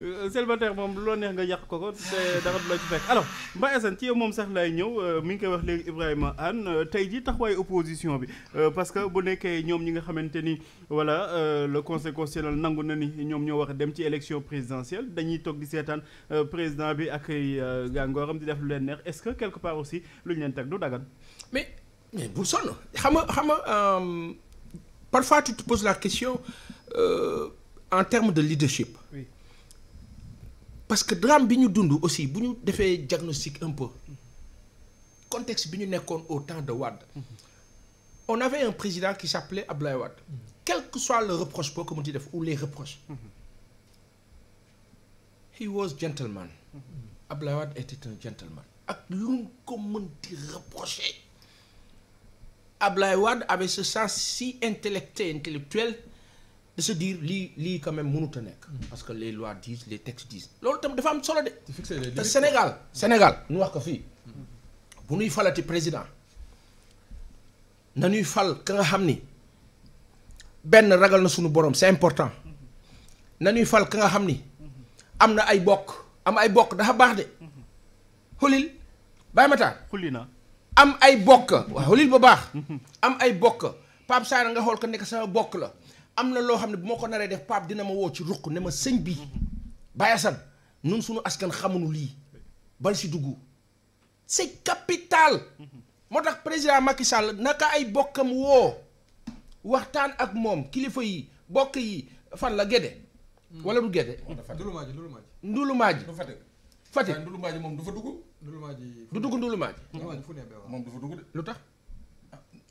Euh, célibataire moom loo neex nga yàq ko ko te dara du la ci fekk alors Mbaye Assane ci moom sax laay ñëw euh, mi ngi koy wax léegi Ibrahima Anne euh, tey ji taxawaay opposition bi parce que bu nekkee ñoom ñi nga xamante ni voilà le conseil constitutionnel nangu na ni ñoom ñoo wax a dem ci élection présidentielle dañuy toog di seetaan président bi ak ay gàngooram di def lu leen neex est-ce que quelque part aussi lu ñu leen teg du dagan mais mais bu sonn xam nga xam nga parfois tu te poses la question en termes de leadership. Oui. parce que drame bi ñu dund aussi bu ñu defee diagnostic un peu contexte bi ñu nekkoon au temps de Wade on avait un président qui s'appelait Abdoulaye Wade quel que soit le reproche boo ko mën ci def ou les reproches he was gentleman Abdoulaye Wade était un gentleman ak lu ko mën reprocher Abdoulaye Wade avait ce sens si intellectuel intellectuel de se dire lii lii quand même a nekk. Mm. parce que les lois disent les textes disent. loolu tam dafa am solo de. te Sénégal Sénégal nu wax ko fii mm. bu nuy falati président nañuy fal ka xam ni benn ragal na suñu borom c'est important nañuy fal ka nga xam ni mm-hmm. mm-hmm. am na ay bokk am ay bokk dafa baax de mm-hmm. xulil bàyyi ma taa na am ay bokk waaw xulil ba baax am ay bokk Pape Sarr nga xool ko nekk sa bokk la. am na loo xam ne bu ma ko naree def Pape dina ma woo ci ruq ne ma sëñ bi Baye Assane ñun suñu askan xamuñu lii bal si dugg c'est capital moo tax président Macky Sall naka ay bokkam woo waxtaan ak moom kilifa yi bokk yi fan la Gédé wala du Gédé ndulumaaji ndulumaaji ndulumaaji Fatick ndulumaaji moom du fa dugg ndulumaaji du dugg ndulumaaji moom du fa dugg de lu tax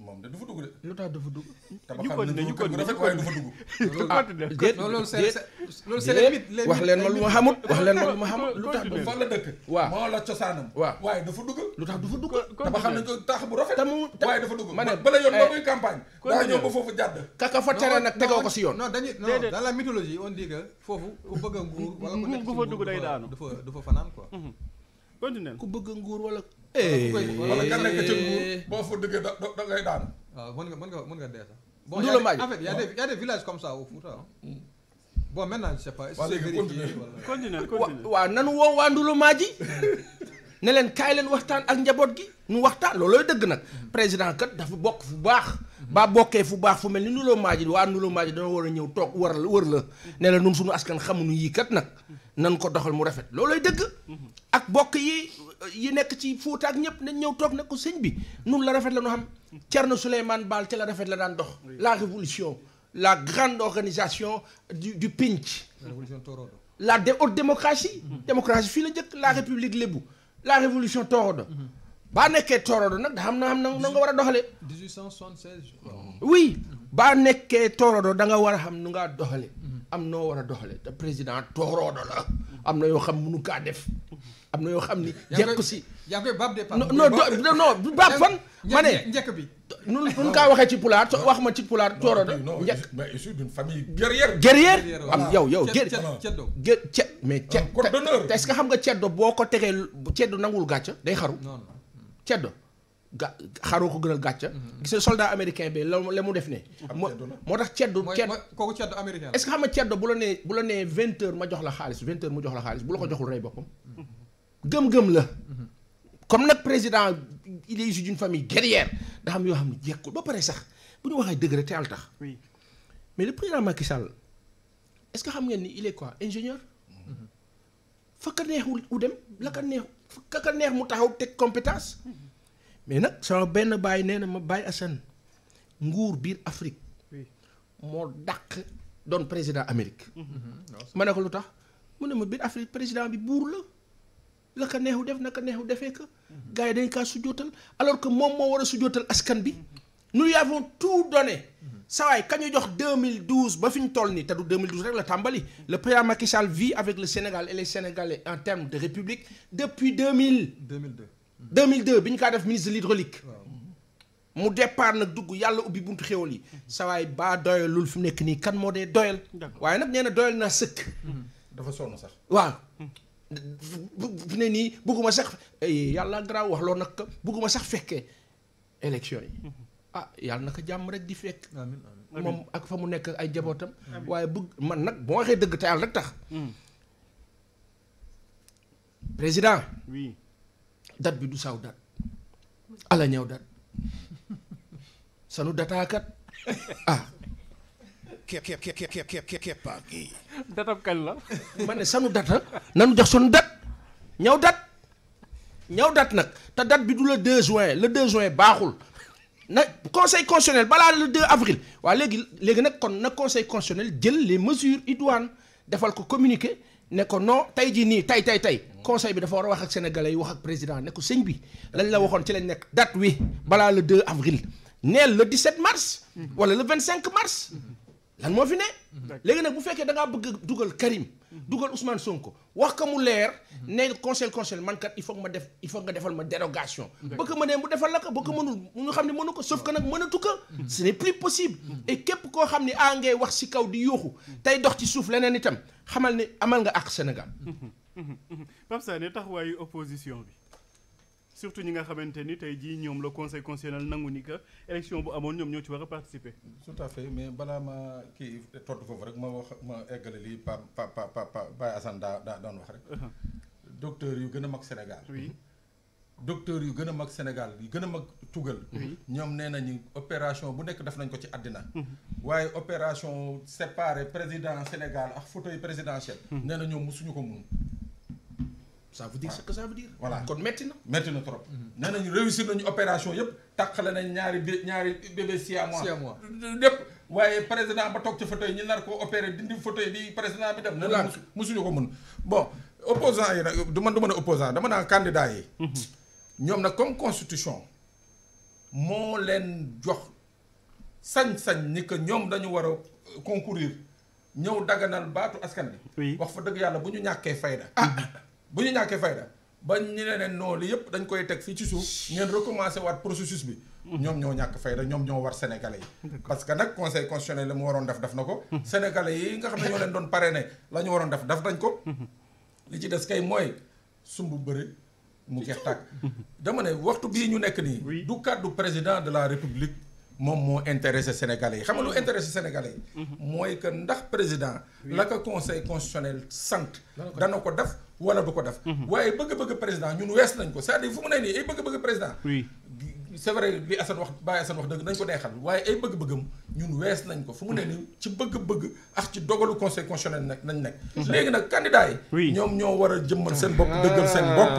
moom de du fa dugg de. lu tax du fa dugg. ñu xam ne tax du fa la tax bu rafet. te bala yoon ba eh, muy daa ñëw ba foofu jàdd. kaka fa tere nag tegoo ko si yoon. non dañuy non dans la on dit foofu ku bëgg a nguur. wala ku nekk ci nguur du du fa fanaan quoi. Mm-hmm. continué ku bëgg nguur wala wala eh. boo fa dëggee da waaw nga mën nga mën a a des villages comme ça au Fouta. Mm. bon maintenant je sais pas. est nanu woo waa Ndulu Maaji ne leen kaay leen waxtaan ak njaboot gi nu waxtaan loolooy dëgg nag mm. président kat dafa bokk fu baax baa bokkee fu baax fu mel ni nuloo maaji waa nuloo maaji dana war a ñëw toog war la wër la ne la nun suñu askan xamuñu yii kat nag mm. nan ko doxal mu rafet loolooy dëgg mm-hmm. ak bokk yi yi nekk ci Fuuta ak ñëpp nañ ñëw toog nag ko sëñ bi nun la rafet la nu xam Thierno Souleymane Baal ca la rafet la daan dox la révolution la grande organisation du du pinc la de haute démocratie mm-hmm. démocratie fii la njëkk la mm-hmm. république lébu la révolution torodo mm-hmm. baa nekkee torodo nag da xam na xam na nga war a doxale 1876 oui baa nekkee torodo da nga war a xam nu ngaa doxale am noo war a doxale te président torodo la am na yoo xam mënu kaa def am na yoo xam ni. jekku si yaa ngi koy baab de non non baab fan. ma ne njëkk bi. nun nun kaa waxee ci pulaar wax ma ci pulaar cooro de. njëkk mais je suis d'une famille guerrière. am yow yow. ceddo ceddo mais ceddo est-ce que xam nga ceddo boo ko tegee ceddo nangul gàcce day xaru. ceddo ga xaroo ko gënal gàcca mm-hmm. gis nga soldat américain bi la la mu def ne moo tax ceddu ceddu américain est-ce que ceddo bu la nee bu la nee vingt heures ma jox la xaalis vingt heures mu jox la xaalis bu la ko joxul rey boppam mm-hmm. gëm-gëm la comme nag président il est issu d'une famille guerrière daa am yoo xam ne jekkul ba pare sax bu ñu waxee dëgg rek te al tax mais le président Macky Sall est-ce que xam ngeen ni il est quoi ingénieur fa ka neexul u dem la ka neex fa ka neex mu taxaw teg compétence mais nag sama benn bàyyi nee na ma bàyyi Assane nguur biir Afrique moo dàq doon président Amérique mhm. ma lu tax mu ne ma biir Afrique président bi buur la la ko neexu def naka neexu defee ko gars yi dañ kaa sujootal alors que moom moo war a sujootal askan bi nous y avons tout donné sawaay ka ñu jox 2012 ba fi ñu toll nii te du 2012 rek la tàmbali le président Macky Sall vit avec le Sénégal et les Sénégalais en termes de république depuis 2000 2002 2002 bi ñu kaa def ministre de l'hydraulique mu départ nag dugg yàlla ubbi buntu xéwal yi sawaay baa doyalul fi mu nekk nii kan moo dee doyal waaye nag nee na doyal naa sëkk dafa sonn sax fu ne nii bugguma sax yàlla garaaw wax loo nag bugguma sax fekkee élection yi ah yàlla naka jàmm rek di fekk moom ak fa mu nekk ay jabootam waaye bëgg man nag boo waxee dëgg te yàlla rek tax président oui bi du saw date ala ñëw date sanu dataakat ah kepp kepp kepp kepp kepp kepp kepp kepp nanu jox suñu dat ñaw date ñaw dat nag te date bi du la 2 juin la 2 juin baaxul na conseil constitutionnel balaa la 2 avril waa léegi léegi nag kon na conseil constitutionnel jël les mesures idoines defal ko communiqué ne ko non tey jii nii tey tey tey conseil bi dafa war a wax ak sénégalais yi wax ak président ne ko sëñ bi lañ la waxoon ci lañ nekk date wi balaa le 2 avril neel le 17 mars. Mhm. wala le cinq mars. Mhm. lan moo fi ne. léegi nag bu fekkee da ngaa bëgg dugal Karim. dugal Ousmane Sonko wax ko mu leer. Mhm. ne conseil conseil man kat il faut que ma def il faut nga defal ma dérogation. ba ko mënee mu defal la ko ba ko mënul ñu xam ne ko sauf que nag mënatu ko. Mhm. ce n'est plus possible. Mhm. et képp koo xam ne ah ngay wax si kaw di yuuxu tey dox ci suuf leneen itam xamal ne amal nga ak Sénégal. Pape Sané taxawaayu opposition bi. surtout ñi nga xamante ni tey jii ñoom la conseil constitutionnel nangu ni que élection bu amoon ñoom ñoo ci war a participer. tout à fait mais balaa ma kii tontu foofu rek ma wax ma eggale lii Pa Pa Pa Pa Baye Assane daa daa doon wax rek. Uh-huh. docteur yu gën a mag Sénégal. oui docteur yu gën a mag Sénégal yu gën a mag tugal. ñoom nee nañu opération bu nekk def nañ ko ci àddina. Uh-huh. waaye opération séparé président Sénégal ak fauteuil présidentiel. Uh-huh. nee na ñoom mosuñu ko mun. ça veut dire ce que ça veut dire. voilà kon metti na. metti na trop. Mhm. nee nañu réussir nañu opération yëpp tàqale nañ ñaari bé ñaari bébé siamois. siamois lépp. waaye président ba toog ci fauteuil ñu nar ko opéré dindi fauteuil bi président bi dem. mu laaj mosuñu ko mën bon. opposant yi nag du man du mën a opposant dama naa candidat yi. Mhm. ñoom nag comme constitution moo leen jox sañ-sañ ni que ñoom dañu war a concourir ñëw daganal baatu askan bi. wax fa dëgg yàlla bu ñu ñàkkee fayda. Ah, ah. bu ñu ñàkkee fayda ba ñu ne leen noonu yëpp dañ koy teg fii ci suuf ngeen recommencé waat processus bi. Mm-hmm. ñoom ñoo ñàkk fayda ñoom ñoo war sénégalais yi. parce que nag conseil constitutionnel la mu waroon def def na ko. Mm-hmm. sénégalais yi nga xam ne ñoo leen doon parrainé la ñu waroon def def nañ ko. Mm-hmm. li ci des kay mooy sumb bëri mu jeex tàkk. dama ne waxtu bii ñu nekk nii. du kàddu président de la république. moom moo intéressé sénégalais yi xam nga lu intéressé sénégalais mooy que ndax président. la ko conseil constitutionnel sant. dana ko def. wala du ko def. Mhm. waaye bëgg-bëgg président ñun wees nañ ko sa à dire fu mu ne nii ay bëgg-bëgg président. oui c'est vrai li wax dëgg nañ ko deexal waaye ay bëgg-bëggam ñun wees nañ ko. fu mu ne nii ci bëgg-bëgg ax ci dogalu conseil constitutionnel nag nañ nekk. Mhm. léegi nag candidat yi. ñoom ñoo war a jëmmal seen bopp ah. dëggal seen bopp.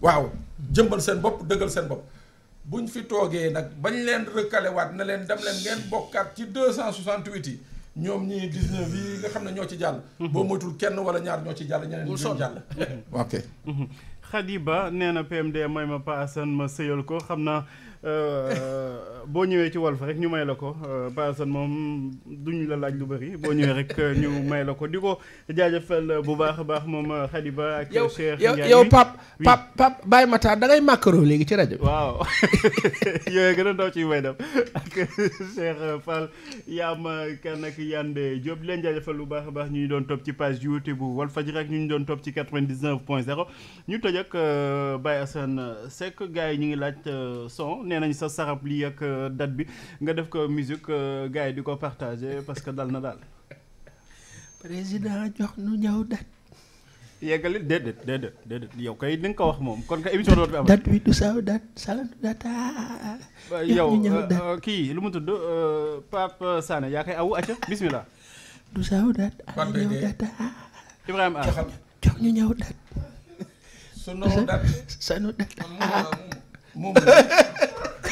waaw jëmmal seen bopp dëggal seen bopp. buñ fi toogee nag bañ leen recalé waat na leen dem leen ngeen bokkaat ci 268 yi. ñoom ñii 19 yi nga xam ne ñoo ci jàll. Mhm. boo moytul kenn wala ñaar ñoo ci jàll ñeneen ñi ñu jàll. ok. Mhm. Khadiba nee na PMD may ma Pa Assane ma sëyal ko xam na Euh, boo ñëwee ci Walf rek ñu may la ko Paasan euh, moom duñu la laaj lu bëri boo ñëwee rek euh, ñu may la ko di ko jaajëfal bu baax a baax moom Khadiba ak Cheikh yow yow Pape Pape Pape Baye Matar da ngay màkkaroo léegi ci rajo waaw yooyu gën a ndaw ci may dem ak Cheikh Fall yaam jaajëfal bu baax a baax ñu doon topp ci page YouTube bu Walfadjri rek ñu doon topp ci 99 point 0 ñu tëj ak Baye Assane Seck gars yi ñu ngi laaj son. nee nañ sa sarab lii ak euh, date bi nga def ko musique euh, gars yi di ko partagé parce que dal na daal. président jox nu ñëw date. yeggali déedéet déedéet déedéet yow kay di ko wax moom kon ka émission dootu yow euh, kii lu mu tudd Pape Sané yaa koy awu acca bismillah. du saw date. Pape ñëw data. Ibrahima ah jox ñu ñëw date.